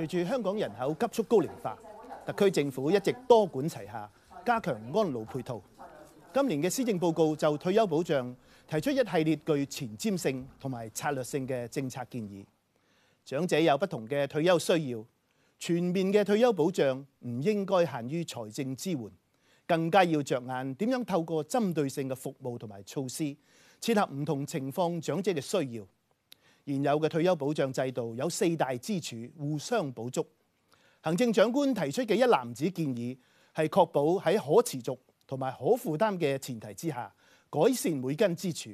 隨住香港人口急速高齡化，特區政府一直多管齊下，加強安老配套。今年嘅施政報告就退休保障提出一系列具前瞻性同埋策略性嘅政策建議。長者有不同嘅退休需要，全面嘅退休保障唔應該限於財政支援，更加要着眼點樣透過針對性嘅服務同埋措施，切合唔同情況長者嘅需要。現有嘅退休保障制度有四大支柱，互相補足。行政長官提出嘅一籃子建議係確保喺可持續同埋可負擔嘅前提之下，改善每根支柱。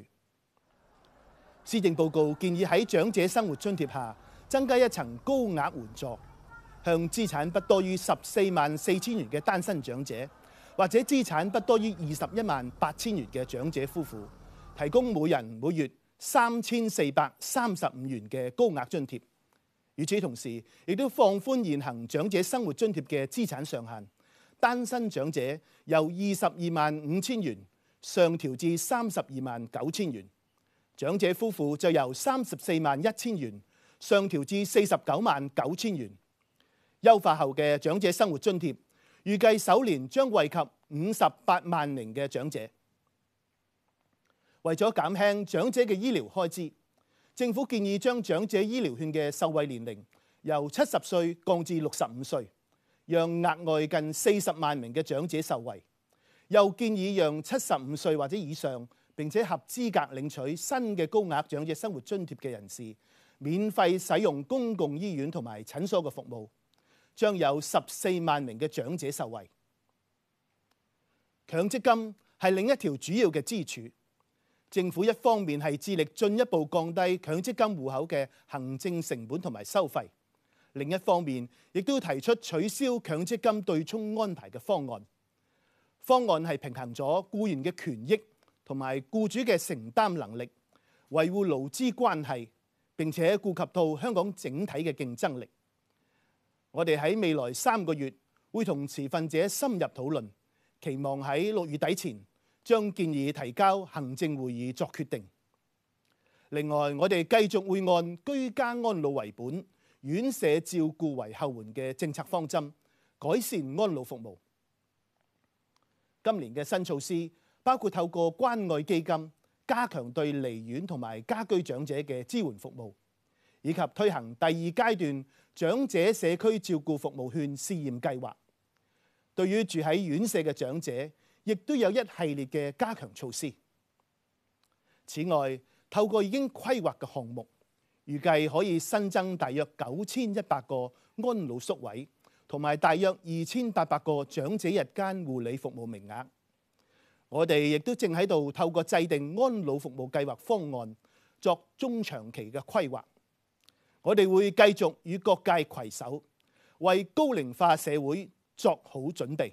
施政報告建議喺長者生活津貼下增加一層高額援助，向資產不多於十四萬四千元嘅單身長者，或者資產不多於二十一萬八千元嘅長者夫婦，提供每人每月，三千四百三十五元嘅高額津貼，與此同時，亦都放寬現行長者生活津貼嘅資產上限。單身長者由二十二萬五千元上調至三十二萬九千元，長者夫婦就由三十四萬一千元上調至四十九萬九千元。優化後嘅長者生活津貼，預計首年將惠及五十八萬名嘅長者。為咗減輕長者嘅醫療開支，政府建議將長者醫療券嘅受惠年齡由七十歲降至六十五歲，讓額外近四十萬名嘅長者受惠。又建議讓七十五歲或者以上並且合資格領取新嘅高額長者生活津貼嘅人士，免費使用公共醫院同埋診所嘅服務，將有十四萬名嘅長者受惠。強積金係另一條主要嘅支柱。政府一方面係致力進一步降低強積金戶口嘅行政成本同埋收費，另一方面亦都提出取消強積金對沖安排嘅方案。方案係平衡咗僱員嘅權益同埋僱主嘅承擔能力，維護勞資關係，並且顧及到香港整體嘅競爭力。我哋喺未來三個月會同持份者深入討論，期望喺六月底前，將建議提交行政會議作決定。另外，我哋繼續會按居家安老為本、院舍照顧為後援嘅政策方針，改善安老服務。今年嘅新措施包括透過關愛基金加強對離院同埋家居長者嘅支援服務，以及推行第二階段長者社區照顧服務券試驗計劃。對於住喺院舍嘅長者，亦都有一系列嘅加強措施。此外，透過已經規劃嘅項目，預計可以新增大約九千一百個安老宿位，同埋大約二千八百個長者日間護理服務名額。我哋亦都正喺度透過制定安老服務計劃方案作中長期嘅規劃。我哋會繼續與各界攜手，為高齡化社會作好準備。